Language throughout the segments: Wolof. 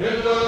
yéen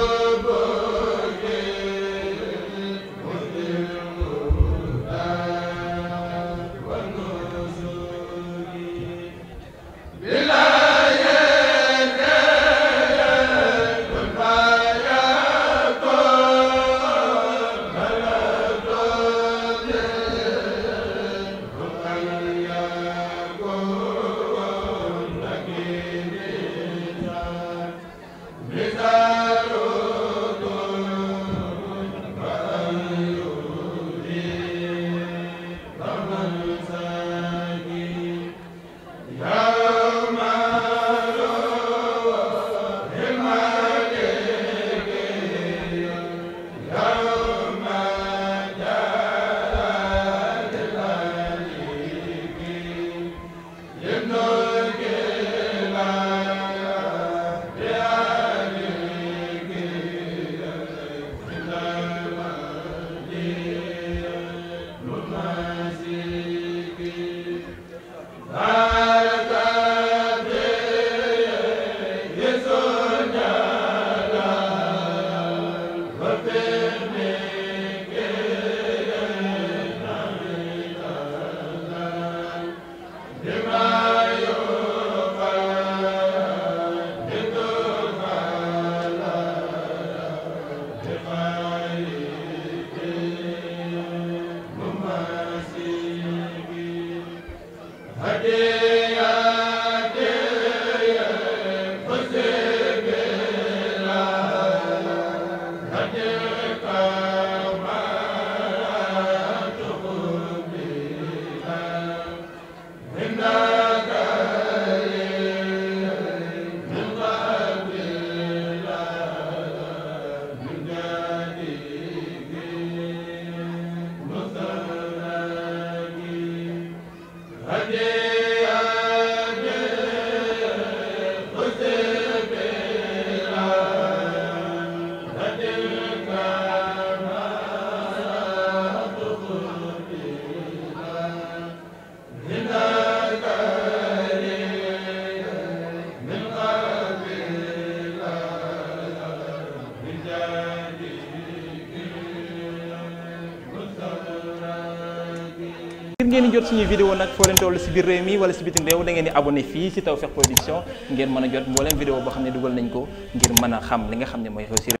ngeen di jot suñu vidéo nag foo leen toll si biir réew mi wala si bitim réew da ngeen di abonné fii si Tawfekh Production ngeen mën a jot mbooleem vidéo boo xam ne dugal nañ ko ngir mën a xam li nga xam ne mooy réussir